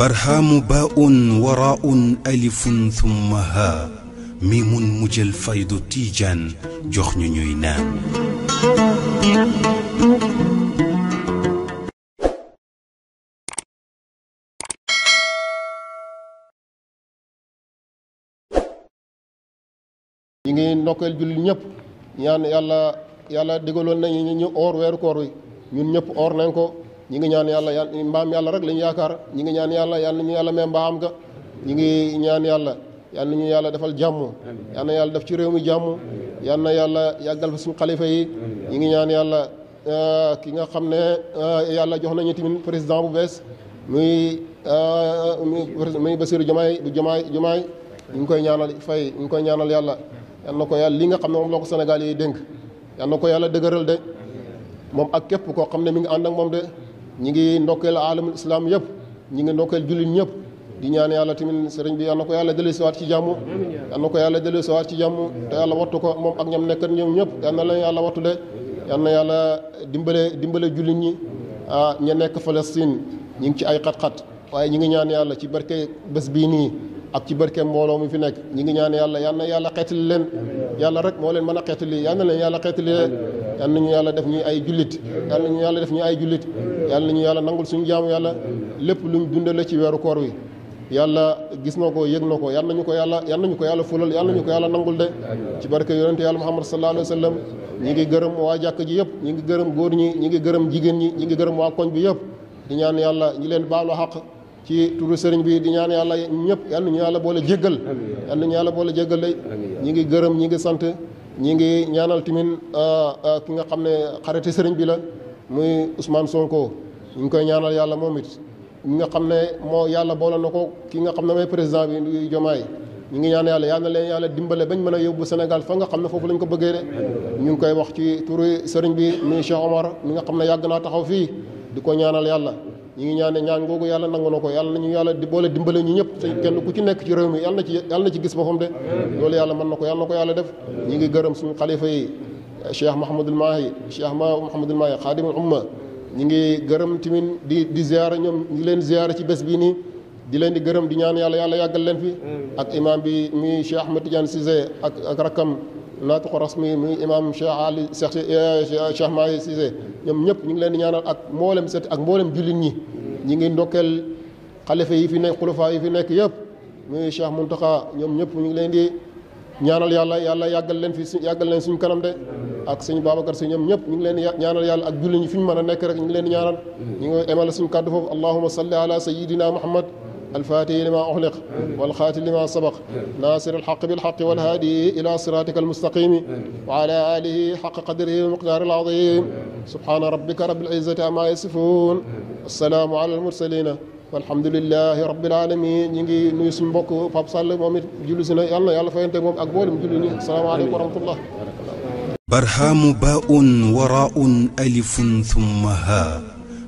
barhaamu baa'un waraa'un alifun thumma haa miimun mu jël faydu tiijaan jox ñu ñuy naan. ñi ngi ndokkeel jullit ñëpp ñaan yàlla yàlla digaloon nañu ñu oor weeru koor wi ñun ñëpp oor nañ ko. ñi ngi ñaan yàlla yàlla mbaam yàlla rek la ñu yaakaar ñi ngi ñaan yàlla yàlla ñu yàlla may mbaam ga ngi ñaan yàlla yàlla ñu yàlla defal jàmm yàlla def ci réew mi jàmm yàlla na yàggal fa suñu xalifa yi ñi ngi ñaan yàlla euh, ki nga xam ne euh, yàlla jox nañu tamit président bu bees muy euh, muy Bassirou Diomaye du Diomaye Diomaye ñu ngi koy ñaanal fay ñu ngi koy ñaanal yàlla yal na ko yàlla li nga xam ne moom loo ko Sénégal yi dénk yal ko yàlla dëgëral de moom ak képp koo xam ne mi ngi ànd ak moom de ñi ngi ndokkeel aalamul islam yëpp ñi ngi ndokkeel jullit ñëpp di ñaan yàlla tamit sëriñ bi yal na ko yàlla dëlee siwaat ci jàmm yal yàlla dëlee siwaat ci jàmm te yàlla wattu ko moom ak ñam nekkat ñoom ñëpp yal na leen yàlla wattu de yal na yàlla dimbale dimbale jullit ñi ah ña nekk Palestine ñi ngi ci ay xat-xat waaye ñi ngi ñaan yàlla ci barke bés bii nii ak ci barke mbooloo mu fi nekk ñi ngi ñaan yàlla yal na yàlla xeetali leen yàlla rek moo leen mën a xeetali yal na leen yàlla xeetali yal nañu yàlla def ñuy ay jullit yal nañu yàlla def ñuy ay jullit yal nañu yàlla nangul suñu jaamu yàlla lépp luñ dundale ci weeru koor wi yàlla gis na ko yëg na ko yal nañu ko yàlla yal nañu ko yàlla fulal yal ñu ko yàlla nangul de ci barke yonente yàlla muhammad sallallahu alayhi wa ñi ngi gërëm waa jàkk ji yëpp ñi ngi gërëm góor ñi ñi ngi gërëm jigéen ñi ñi ngi gërëm waa koñ bi yëpp di ñaan yàlla ñi leen baalu xaq ci turu sëriñ bi di ñaan yàlla ñëpp yal nañu yàlla boole jéggal yal nañu yàlla boole jéggal de ñi ngi gërëm ñi ngi sant ñi ngi ñaanal timin euh, euh, ki nga xam ne xariti sëriñ bi la muy Ousmane Sonko ñu ngi koy ñaanal yàlla moom it ñi nga xam ne moo yàlla boole na ko ki nga xam ne mooy président bi muy Diomaye ñu ngi ñaan yàlla yal na yàlla dimbale bañ mën a yóbbu Sénégal fa nga xam ne foofu lañ ko bëggee de ñu ngi koy wax ci turu sëriñ bi muy Cheikh Omar mi nga xam ne yàgg naa taxaw fii di ko ñaanal yàlla ñu ngi ñaan ne ñaan yàlla nangu na ko yàlla nañu yàlla di boole dimbale ñu ñëpp te kenn ku ci nekk ci réew mi yàlla na ci yàlla na ci gis boppam de loolu yàlla mën na ko yàlla ko yàlla def ñi ngi gërëm suñu xalifa yi cheikh mahamadul maahi cheikh ma mahamadul maahi xaadimul umma ñu ngi gërëm timin di di ziara ñoom ñi leen ziara ci bés bii nii di leen di gërëm di ñaan yàlla yàlla yàggal leen fi ak imam bi mi cheikh ahmed tidiane cissé ak ak rakkam lettre rasmi muy imam Cheikh Ali Cheikh Cheikh Mahi Cissé ñoom ñëpp ñu ngi leen di ñaanal ak mboolem set ak mboolem jullit ñi ñi ngi ndokkeel xalifa yi fi nekk xulafaa yi fi nekk yëpp muy Cheikh Mountakha ñoom ñëpp ñu ngi leen di ñaanal yàlla yàlla yàggal leen fi yàggal leen suñu kanam de ak suñu Babacar si ñoom ñëpp ñu ngi leen di ñaanal yàlla ak jullit ñi fi ñu mën a nekk rek ñu ngi leen di ñaanal ñu ngi emal suñu kàddu foofu allahuma salli ala sayidina muhammad الفاتح لما أغلق والخاتم لما سبق ناصر الحق بالحق والهادي إلى صراطك المستقيم وعلى آله حق قدره ومقدار العظيم سبحان ربك رب العزة ما يصفون السلام على المرسلين والحمد لله رب العالمين نيجي نوسم بوكو باب صلى ومير جلوسنا يلا يلا فانت مو اقبل السلام عليكم ورحمه الله برهام باء وراء الف ثم ها